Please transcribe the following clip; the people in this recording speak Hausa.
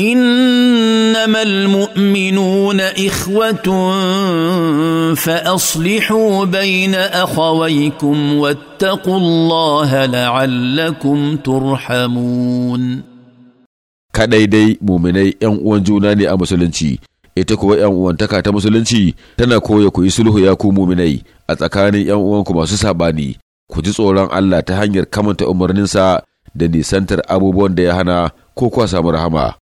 انما المؤمنون اخوه فاصلحوا بين اخويكم واتقوا الله لعلكم ترحمون كدي dai muminai yan uwan juna ne a musulunci ita kuwa yan uwantaka ta musulunci tana koya ku yi sulhu ya ku muminai a tsakanin yan uwanku masu saɓani. ku ji tsoron Allah ta hanyar kamanta umarninsa da nisantar abubuwan da ya hana ko kuwa samu rahama